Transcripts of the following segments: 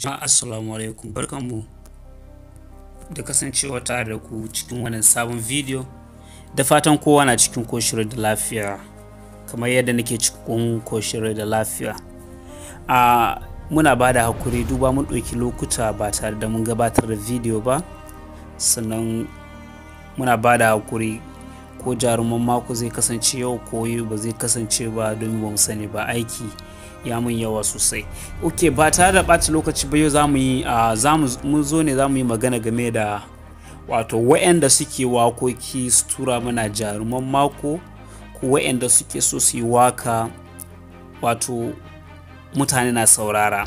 jama'a assalamu alaikum barkanmu da kasancewa tare da ku cikin wannan sabon video da fatan kowa na cikin koshirar da lafiya kamar yadda nake cikin koshirar da lafiya a muna ba da hakuri duba mun ɗauki lokuta ba tare da mun gabatar da video ba sannan muna ba da hakuri ko jaruman mako zai kasance yau koyo ba zai kasance ba domin ba mu sani ba aiki ya mun yawa sosai ok ba tare da ɓata lokaci ba yau za mu yi mun zo ne za mu yi magana game da wato wa'anda suke wakoki su tura mana jaruman mako ko wa'anda suke so su yi waka wato mutane na saurara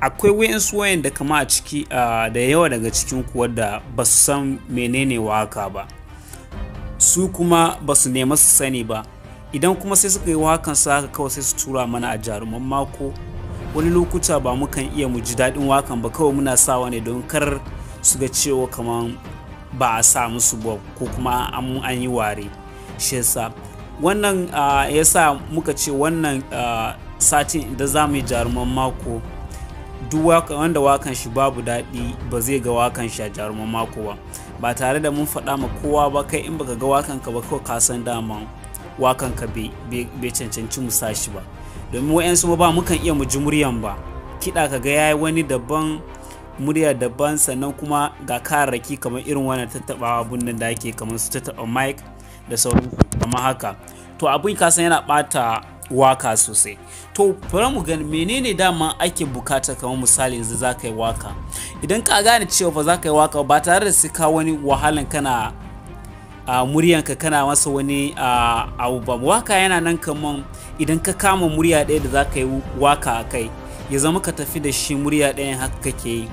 akwai wa'insu wa'anda kama a ciki da yawa daga cikin wadda ba su san menene waka ba su kuma ba su nema su sani ba idan kuma sai suka yi wakan sa haka kawai sai su tura mana a jaruman mako wani lokuta ba mu kan iya mu ji daɗin wakan ba kawai muna sawa ne don kar su ga cewa kamar ba a sa musu ba ko kuma an yi ware shi yasa wannan sa muka ce wannan satin idan za mu yi jaruman mako duk wanda wakan shi babu daɗi ba zai ga wakan shi a jaruman mako ba ba tare da mun faɗa ma kowa ba kai in baka ga wakan ka ba kawai ka san daman wakanka bai cancanci mu sashi ba domin wa'yansu ba mukan iya mu ji muryan ba kiɗa ka ga ya yi wani daban murya daban sannan kuma ga kararraki kamar irin wannan taɓa abun da ake kamar su tattaɓa mic da sauran kuma haka to abin san yana ɓata waka sosai to fara mu gani menene dama ake bukata kamar misali yanzu za ka yi waka idan ka gane cewa ba za ka yi waka ba tare da sai ka wani wahalan kana a muryanka kana masa wani uh, ba waka yana nan kaman idan ka kama murya ɗaya da za ka yi waka a kai ya zama ka tafi da shi murya ɗayan haka kake yi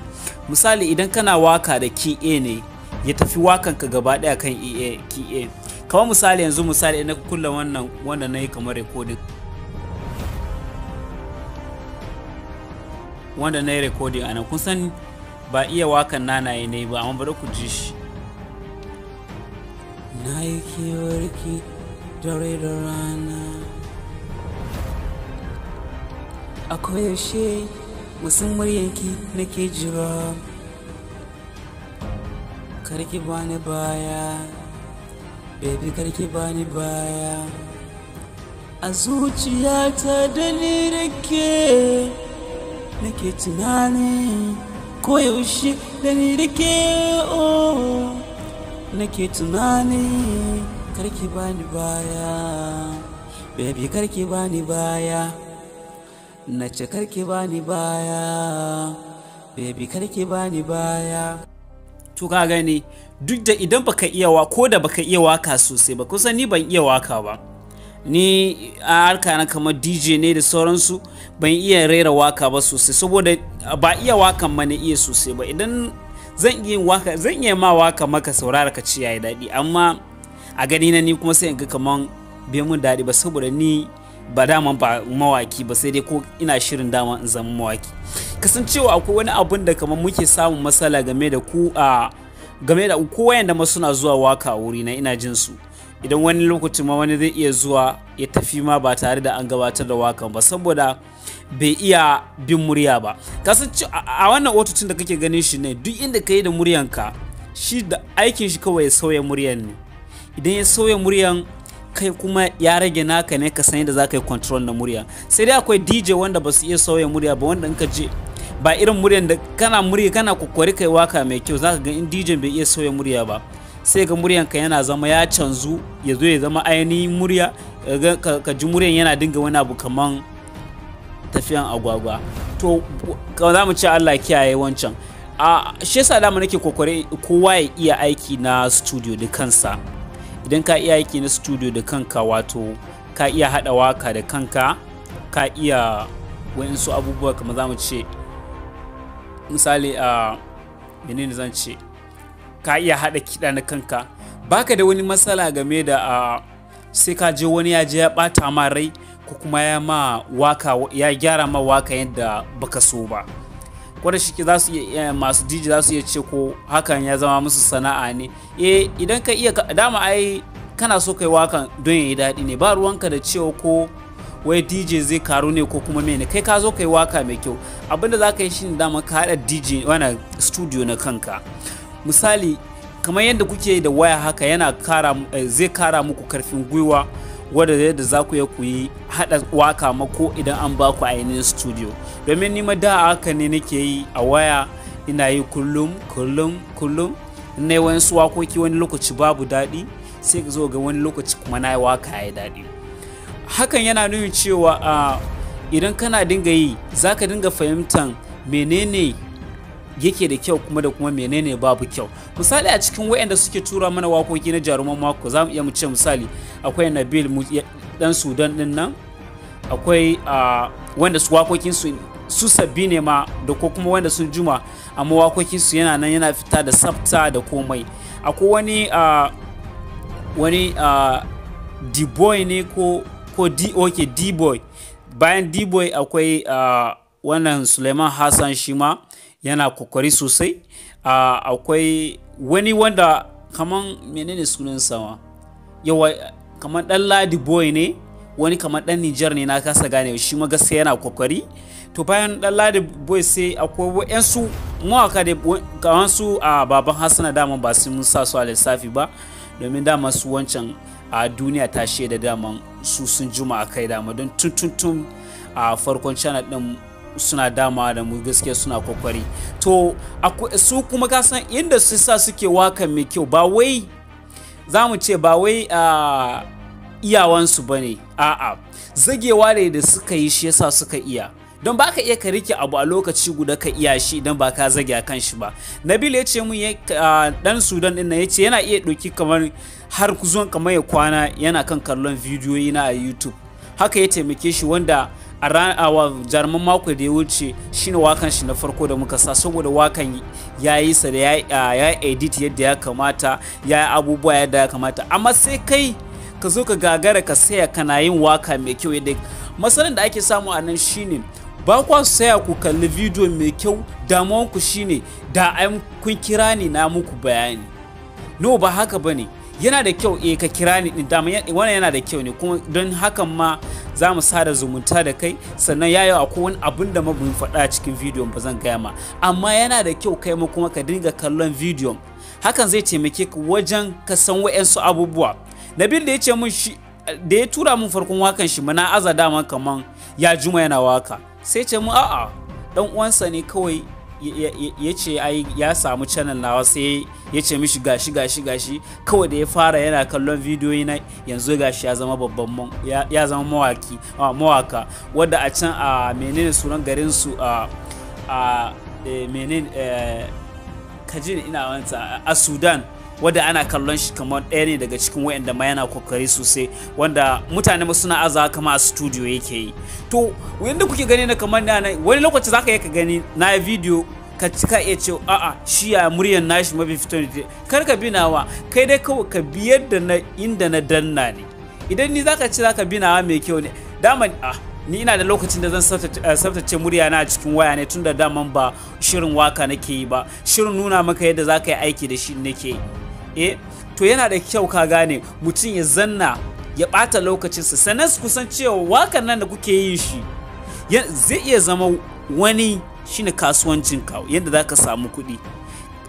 misali idan kana waka da ka ne ya tafi wakan ka gaba ɗaya kan ea ki a kamar misali yanzu misali idan ka kulla wannan wanda na yi kamar recording wanda na yi recording a kun san ba iya wakan nanaye ne ba amma bari ku ji shi na yi kewarki dare da rana a koyaushe musan muryanki nake jira karki bani baya baby karki bani baya a zuciyata da ni rake nake tunani koyaushe da ni oh nake tunani karki bani baya baby karki bani baya nace karki bani baya baby karki bani baya to ka gani duk da idan baka iya wa ko da baka iya waka sosai ba kusan ni ban iya waka ba ni a harka na kamar dj ne da sauransu ban iya rera waka ba sosai saboda ba iya wakan ma na iya sosai ba idan zan iya waka zan iya ma waka maka saurara ka ci yayi daɗi amma a gani na ni kuma sai in ga kaman bai mun daɗi ba saboda ni ba dama ba mawaki ba sai dai ko ina shirin dama in zama mawaki kasancewa akwai wani abun da kamar muke samun matsala game da ku a game da ko wayanda ma suna zuwa waka wuri na ina jin su idan wani lokacin ma wani zai iya zuwa ya tafi ma ba tare da an gabatar da wakan ba saboda bai iya bin murya ba kasance a wannan otocin da kake ganin shi ne duk inda ka yi da muryanka shi da aikin shi kawai ya sauya muryan ne idan ya sauya muryan kai kuma ya rage naka ne ka san da za ka yi control na murya sai dai akwai dj wanda ba su iya sauya murya ba wanda in ka je ba irin muryan da kana murya kana kokari kai waka mai kyau za ka ga in dj bai iya sauya murya ba sai ga muryan ka yana zama ya canzu ya zo ya zama ainihin murya ka ji muryan yana dinga wani abu kaman tafiyan agwagwa to za mu ce Allah kiyaye wancan a shi yasa dama nake kokore kowa ya iya aiki na studio da kansa idan ka iya aiki na studio da kanka wato ka iya hada waka da kanka ka iya waɗansu abubuwa kamar za mu ce misali a menene zan ce ka iya hada kiɗa na kanka baka da wani matsala game da sai ka je wani ya je ya bata ma rai ko kuma ya ma waka ya gyara ma waka yadda baka so ba kwada shi za su iya eh, masu DJ za su iya ce ko hakan ya zama musu sana'a ne eh idan ka iya dama ai kana so kai waka, don yayi daɗi ne ba ruwanka da cewa ko wai DJ zai karu ne ko kuma mene kai ka zo kai waka mai kyau abinda za ka yi shine dama ka haɗa DJ wani studio na kanka misali kamar yadda kuke da waya haka yana kara, eh, zai kara muku karfin gwiwa wadda yadda za ku ya kuyi haɗa waka mako idan an ba ku ainihin studio domin nima da haka ne nake yi a waya ina yi kullum kullum kullum na yi wani wakoki wani lokaci babu daɗi sai ka zo ga wani lokaci kuma na yi waka ya daɗi hakan yana nuna cewa ah, idan kana dinga yi za ka dinga fahimtan menene yake da kyau kuma da kuma menene babu kyau misali a cikin wayanda suke tura mana wakoki na jaruman mako za mu iya mu ce misali akwai nabil dan sudan din nan akwai wanda su wakokin su su sabbi ne ma da ko kuma wanda sun juma amma wakokin su yana nan yana fita da sabta da komai akwai wani wani d-boy ne ko ko d okay d-boy bayan d-boy akwai wannan suleiman hassan shima yana kokari sosai akwai wani wanda kaman menene sunansa ma yawa kaman dan ladi boy ne wani kaman dan Nijar ne na kasa gane shi ma gaskiya yana kokari to bayan dan ladi boy sai akwai wa'yansu mawaka da kaman su a baban Hassana dama ba su mun sa su a lissafi ba domin dama su wancan a duniya ta shaida dama su sun juma kai dama don tun tun tun a farkon channel din suna dama da mu gaskiya suna kwakwari to su kuma kasan inda su sa suke waka mai kyau ba wai za mu ce ba wai a iyawansu ba ne a'a zagewa da da suka yi shi yasa suka iya don ba ka iya ka rike abu a lokaci guda ka iya shi idan ba ka zage a kan shi ba nabil ya ce mun dan sudan din ya ce yana iya ɗauki kamar har zuwan kamar ya kwana yana kan kallon bidiyoyi na a youtube haka ya taimake shi wanda a jaruman mako da ya wuce shine wakan shi na farko da muka sa saboda wakan ya yi sa da ya edit yadda ya kamata ya yi abubuwa yadda ya kamata amma sai kai ka zo ka gagara ka saya kana yin waka mai kyau yadda matsalar da ake samu a nan shine ba kwa saya ku kalli bidiyo mai kyau damuwanku shine da kun kira ni na muku bayani no ba haka bane yana da kyau eh ka kira ni din dama wannan yana da kyau ne kuma don hakan ma za mu sada zumunta da kai sannan yayo akwai wani abin da mabuyin faɗa cikin video ba zan gaya ma amma yana da kyau kai ma kuma ka dinga kallon video hakan zai taimake ka wajen ka san wa'yansu abubuwa nabil da ya ce shi da ya tura mun farkon wakan shi mana aza dama kaman ya juma yana waka sai ce mu a'a dan uwansa ne kawai ya ce ya samu channel nawa sai ya ce mishi gashi gashi gashi kawai da ya fara yana kallon bidiyoyi na yanzu gashi ya zama babban ya zama mawaki mawaka wadda a can a menene sunan garin su a eh, menene eh, kajin ina wanta a Sudan wanda ana kallon shi kamar ɗaya ne daga cikin waɗanda ma yana kokari sosai wanda mutane ma suna azawa kama a studio yake yi to yadda kuke gani na kamar na wani lokaci zaka yi ka gani na video ka cika iya ce a'a shi ya muryar nashi mafi fitar da kar ka binawa kai dai kawai ka biyar da na inda na danna ne idan ni zaka ci zaka binawa mai kyau ne dama a ah, ni ina da lokacin da zan tsaftace eh, murya na a cikin waya ne tunda da daman ba shirin waka nake yi ba shirin nuna maka yadda za ka yi aiki da shi nake yi eh to yana da kyau ka gane mutum ya zanna ya ɓata lokacinsa sannan su kusan cewa wakan nan da kuke yin shi zai iya zama wani shine kasuwancin ka yadda za ka samu kuɗi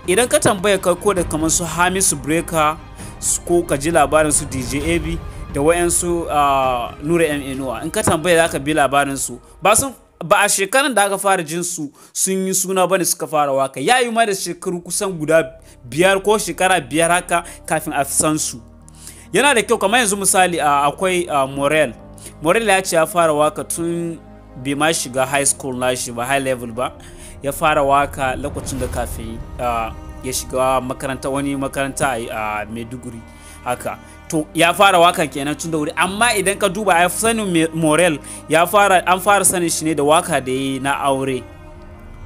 idan ka tambaya kai ko da kamar su hamisu breaker ko ka ji labarin su dj ab da wayansu ah, nura m inuwa in ka tambaya za ka bi labarin su ba sun ba a shekaran da aka fara jin su sun yi suna bane suka fara waka ya yi ma da shekaru kusan guda biyar ko shekara biyar haka kafin a san su yana da kyau kamar yanzu misali akwai morel morel ya ce ya fara waka tun bai ma shiga high school na shi ba high level ba ya fara waka lokacin da kafin ya shiga makaranta wani makaranta a maiduguri haka to ya fara waka kenan tun da wuri amma idan ka duba ya sanin morel ya fara an fara sanin shi ne da waka da yi na aure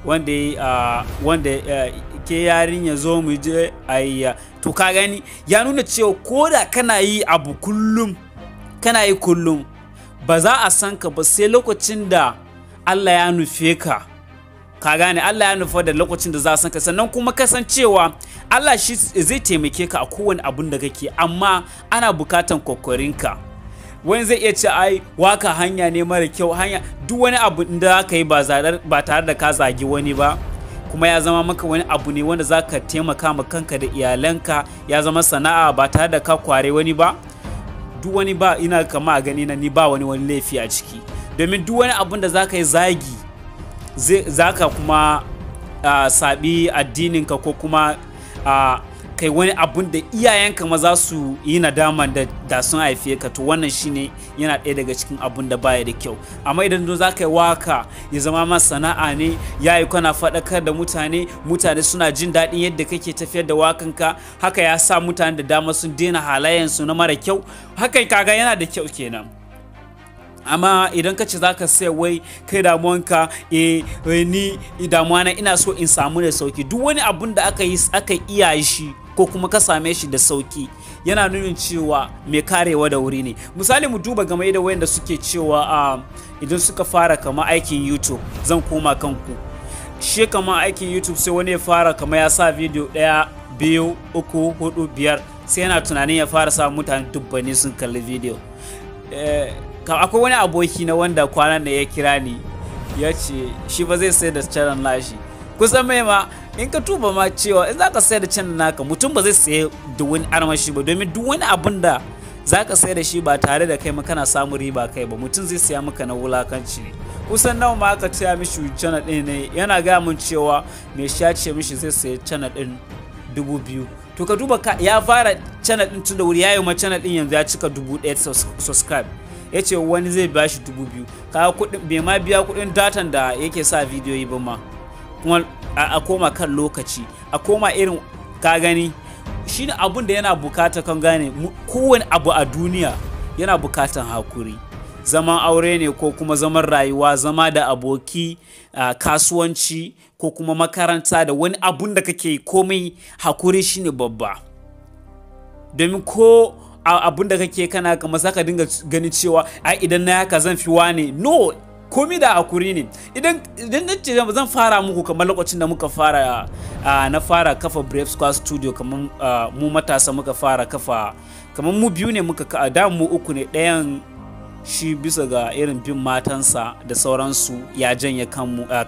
wanda wanda ke yarin ya zo mu je ayya to ka gani ya nuna cewa ko da kana yi abu kullum kana yi kullum ba za a san ka ba sai lokacin da Allah ya nufe ka ka gane Allah ya nufa da lokacin da za san ka sannan kuma kasancewa Allah shi zai taimake ka a kowane abun da kake amma ana bukatan kokorinka wani zai iya ce ai waka hanya ne mara kyau hanya duk wani abu da ka yi ba tare da ka zagi wani ba kuma ya zama maka wani abu ne wanda za ka taimaka ma kanka da iyalanka ya zama sana'a ba tare da ka kware wani ba duk wani ba ina kama a gani na ni ba wani wani laifi a ciki domin duk wani abun da za ka yi zagi za ka kuma uh, saɓi addininka ko kuma uh, kai wani abun da iyayenka maza su yi nadama da, da sun haife ka to wannan shine yana ɗaya daga cikin abun da baya da kyau amma idan don za ka yi waka ya zama ma sana'a ne ya yi kana faɗakar da mutane mutane suna jin daɗin yadda kake tafiyar da wakanka haka ya sa mutane da dama sun daina halayensu na mara kyau hakan kaga yana da kyau kenan amma idan ka ce za ka sai wai kai damuwanka e ni damuwa na ina so in samu da sauki duk wani abun da aka yi aka iya shi ko kuma ka same shi da sauki yana nunin cewa mai karewa da wuri ne misali mu duba game da wayanda suke cewa idan suka fara kama aikin youtube zan koma kanku shi kama aikin youtube sai wani ya fara kama ya sa video daya biyu uku hudu biyar sai yana tunanin ya fara sa mutane dubbani sun kalli video eh, akwai wani aboki na wanda kwanan da ya kira ni ya ce shi ba zai sayar da canan nashi kusan mai ma in ka tuba ma cewa in za ka sayar da canan naka mutum ba zai saye da wani armashi ba domin duk wani abin da za ka sayar da shi ba tare da kai ma kana samun riba kai ba mutum zai siya maka na wulakanci ne kusan nawa ma aka taya mishi canan din ne yana gaya min cewa mai sha ce mishi zai sayi canan din dubu biyu to ka duba ya fara canan din tun da wuri ya yi ma canan din yanzu ya cika dubu ɗaya subscribe ya ce wani zai ba shi dubu biyu kaga kuɗin bai ma biya kuɗin datan da yake sa bidiyoyi ba ma kuma a koma kan lokaci a koma irin ka gani shi ne abun da yana bukata kan gane kowane abu a duniya yana bukatan hakuri zaman aure ne ko kuma zaman rayuwa zama da aboki kasuwanci ko kuma makaranta da wani abun da kake komai hakuri shine babba domin ko abun da kake kana kamar zaka dinga ganin cewa ai idan na haka zan fi wane no komi da hakuri ne idan idan ce zan fara muku kamar lokacin da muka fara na fara kafa brave squad studio kamar mu matasa muka fara kafa kamar mu biyu ne muka da mu uku ne ɗayan shi bisa ga irin bin matansa da sauransu ya janye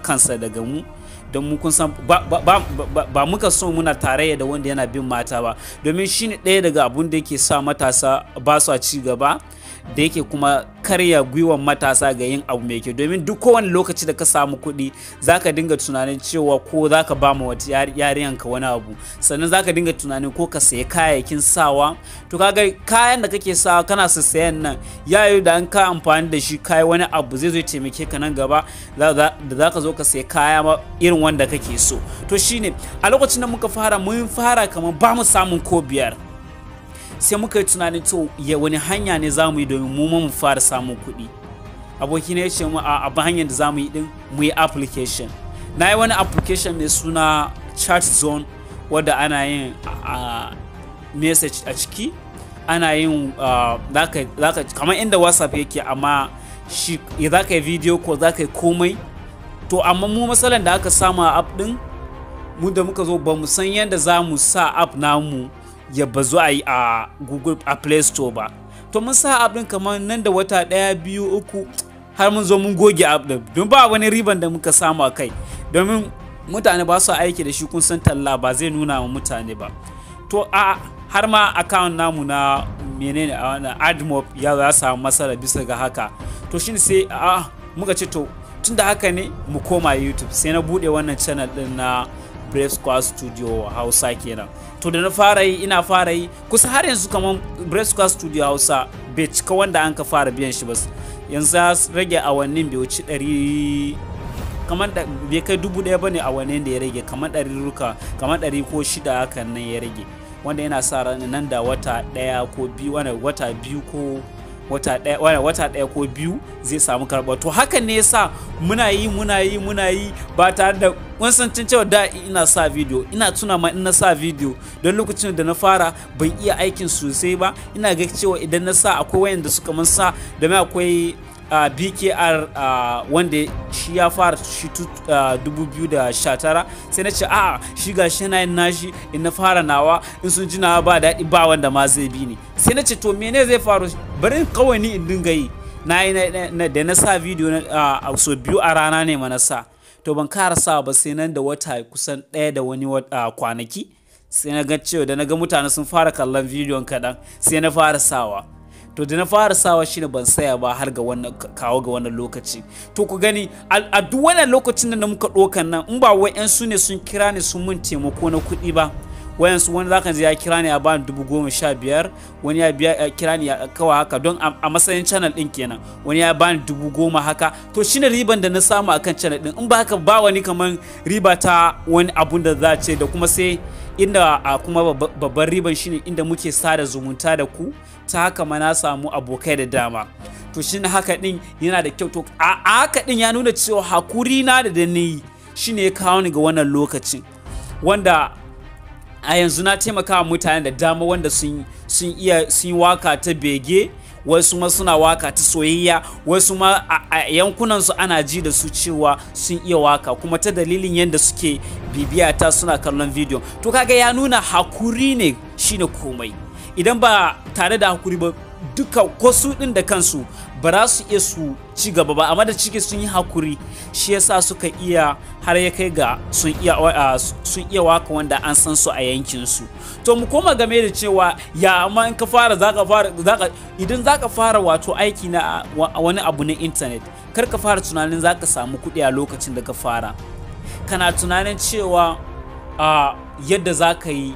kansa daga mu don mu kun san ba, ba, muka so muna tarayya da wanda yana bin mata ba domin shi ne ɗaya daga abun da yake sa matasa ba su ci gaba da yake kuma karya gwiwan matasa ga yin abu mai kyau domin duk kowane lokaci da ka samu kuɗi za ka dinga tunanin cewa ko za ka ba ma wata yarinyanka wani abu sannan za ka dinga tunanin ko ka sayi kayayyakin sawa to kaga kayan da kake sawa kana su sayan nan yi da an ka amfani da shi kai wani abu zai zo taimake ka nan gaba da za ka zo ka sayi kaya ma irin wanda kake so to shine a lokacin da muka fara mun fara kamar ba mu samun ko biyar sai muka yi tunanin to ya wani hanya ne za mu yi domin mu mu fara samun kuɗi aboki ne ya ce mu a abin hanyar da za mu yi din mu yi application na yi wani application mai suna chat zone wadda ana yin a message a ciki ana yin zaka kamar inda whatsapp yake amma shi za ka yi video ko za ka yi komai to amma mu matsalan da aka samu a app din mu da muka zo ba mu san yadda za mu sa app namu ya bazu a yi a google a play store ba to mun sa abin kamar nan da wata daya biyu uku har mun zo mun goge app din don ba wani riban da muka samu a kai domin mutane ba su aiki da shi kun san talla ba zai nuna wa mutane ba to a har ma account namu na menene a wannan admob ya za samu matsala bisa ga haka to shin sai a muka ce to tunda haka ne mu koma youtube sai na bude wannan channel din na brave Squad studio hausa kenan to da na fara yi ina fara yi kusa har yanzu kamar brave Squad studio hausa bai cika wanda an ka fara biyan shi ba yanzu ya rage awannin bai wuci ɗari kamar da bai kai dubu ɗaya ba ne awannin da ya rage kamar ɗari ruka kamar ɗari ko shida hakan nan ya rage wanda yana sa ran nan da wata ɗaya ko biyu wata biyu ko wata ɗaya ko biyu zai samu karɓa to haka ne yasa muna yi muna yi muna yi ba tare da wani san cewa da ina sa video ina tuna ma ina sa video don lokacin da na fara ban iya aikin sosai ba ina ga cewa idan na sa akwai wayanda suka man sa da akwai uh, bkr uh, wanda shi ya fara shi uh, 2019 sai na ce a shi ga shi na yin nashi in na fara nawa in sun ji nawa ba daɗi ba wanda ma zai bi ni sai na ce to mene zai faru barin kawai ni in dinga yi na yi da na sa bidiyo a so biyu a rana ne ma sa to ban kara sa ba sai nan da wata kusan ɗaya da wani kwanaki sai na ga cewa da na ga mutane sun fara kallon bidiyon kaɗan sai na fara sawa to da na fara sawa shi ban saya ba har ga wannan kawo ga wannan lokaci to ku gani a duk wannan lokacin da muka ɗokan nan in ba su ne sun kira ni sun mun taimako na kuɗi ba su wani zaka ji ya kira ni a bani dubu goma sha biyar wani ya kira ni kawa haka don a matsayin channel din kenan wani ya bani dubu goma haka to shine riban da na samu akan channel ɗin in ba haka ba wani kaman riba ta wani abun da za ce da kuma sai inda kuma babban riban shine inda muke sada zumunta da ku ta haka ma na samu abokai da dama to shi na haka din yana da kyau to a haka din ya nuna cewa hakuri na da da ni shine ya kawo ni ga wannan lokacin wanda a yanzu na taimaka wa mutane da dama wanda sun iya sun waka ta bege wasu ma suna waka ta soyayya wasu ma a yankunan su ana ji da su cewa sun iya waka kuma ta dalilin yadda suke bibiya ta suna kallon video, to kaga ya nuna hakuri ne shine komai idan ba tare da hakuri ba duka ko su din da kansu ba za su iya su ci gaba ba amma da ciki sun yi hakuri shi yasa suka iya har ya kai ga sun iya sun iya waka wanda an san su a yankin su to mu koma game da cewa ya amma in ka fara zaka fara zaka idan zaka fara wato aiki na wani abu na internet kar ka fara tunanin zaka samu kuɗi a lokacin da ka fara kana tunanin cewa a yadda zaka yi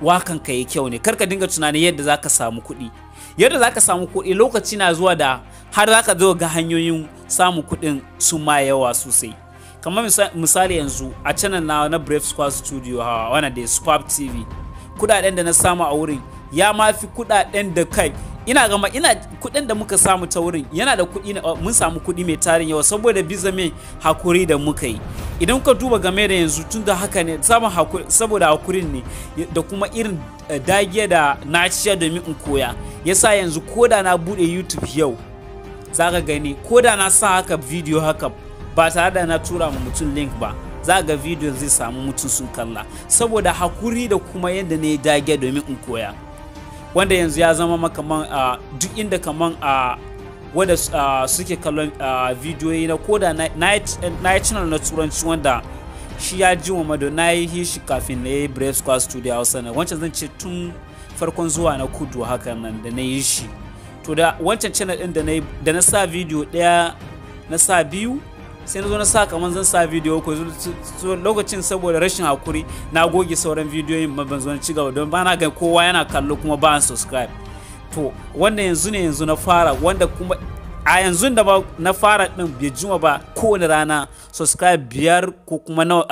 wakan ka yi kyau ne karka dinga tunanin yadda za ka samu kuɗi yadda za ka samu kuɗi lokaci na zuwa da har za ka zo ga hanyoyin samun kuɗin su ma yawa sosai kamar misali yanzu a channel na na brave squad studio hawa wannan da swap tv kuɗaɗen da na samu a wurin ya ma fi kuɗaɗen da kai ina gama ina kuɗin da muka samu ta wurin yana da kuɗi mun samu kuɗi mai tarin yawa saboda biza mai hakuri da muka yi idan ka duba game da yanzu tun da haka ne saboda hakurin ne da kuma irin eh, dagiya da na ciya domin in koya yasa yanzu koda na buɗe youtube yau za ka gani koda na sa haka video haka ba tare da na tura ma mutum link ba za ga video zai samu mutum sun kalla saboda hakuri da kuma yadda na yi domin in koya wanda yanzu ya zama makaman a duk inda kaman a wanda suke kallon videoyi na koda na yi channel na turanci wanda shi ya ji wa mado na yi shi kafin na yi brave squad studio hausa na wancan zan ce tun farkon zuwa na kudu haka nan da na yi shi to da wancan channel din da na sa bidiyo daya na sa biyu sai na zo na sa kamar zan sa bidiyo ko lokacin saboda rashin hakuri na goge sauran bidiyoyin ma ban zo na cigaba don ba na ga kowa yana kallo kuma ba an subscribe to wanda yanzu ne yanzu na fara wanda kuma a yanzu da ba na fara din bai juma ba kowane rana subscribe biyar ko kuma na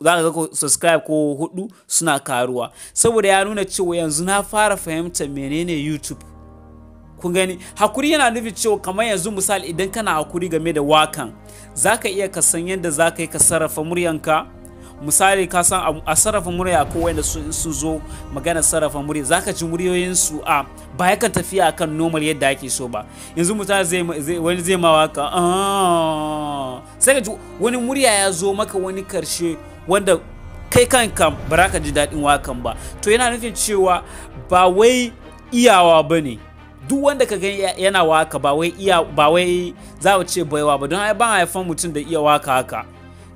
za ka ga subscribe ko hudu suna karuwa saboda ya nuna cewa yanzu na fara fahimta menene youtube kun gani hakuri yana nufin cewa kamar yanzu misali idan kana hakuri game da wakan zaka iya ka san yadda zaka yi ka sarrafa muryanka misali ka san a sarrafa murya ko wanda sun zo magana sarrafa murya zaka ji muryoyin su a ba ya kan tafiya akan normal yadda ake so ba yanzu mutane zai wani zai ma waka sai ka ji wani murya ya zo maka wani karshe wanda kai kanka ba za ka ji daɗin wakan ba to yana nufin cewa ba wai iyawa ba ne duk wanda ka gani yana waka ba wai iya ba wai za ce baiwa ba don ba ban haifan mutum da iya waka haka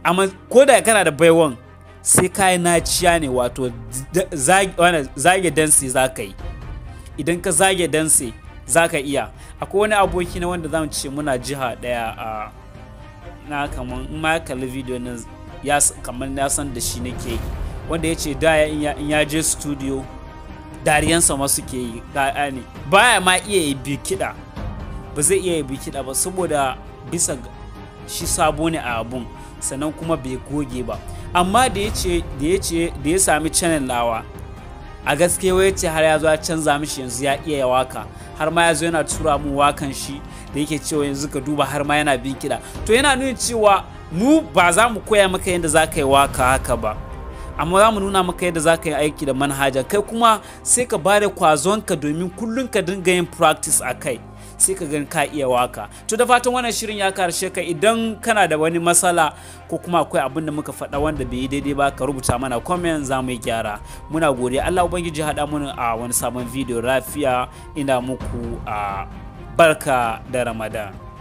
amma ko da kana da baiwan sai kayi naciya ne wato zage dansi za ka yi idan ka zage dansi za ka iya akwai wani aboki na wanda mu ce muna jiha daya a na kaman in ma kalli video nan kamar na san da shi nake wanda ya ce da ya je studio dariyansa ma suke yi ɗaya ne baya ma iya yi bi kiɗa ba zai iya yi bi kiɗa ba saboda bisa shi sabo ne a abun sannan kuma bai goge ba amma da ya sami canin lawa a gaske wai ce har ya zo ya canza mishi yanzu ya iya ya waka har ma ya zo yana tura mu wakan shi da yake cewa yanzu ka duba har ma yana bin kiɗa to yana nuna cewa mu ba za mu koya maka yadda za ka yi waka haka ba amma za mu nuna maka yadda za ka yi aiki da manhaja kai kuma sai ka ba da kwazonka domin kullum ka dinga yin practice a kai sai ka gan ka iya waka to da fatan wannan shirin ya karshe ka idan kana da wani matsala ko kuma akwai abin da muka faɗa wanda bai yi daidai ba ka rubuta mana comment za mu yi gyara muna gode Allah ubangiji haɗa mu a wani sabon video lafiya ina muku a ah, barka da Ramadan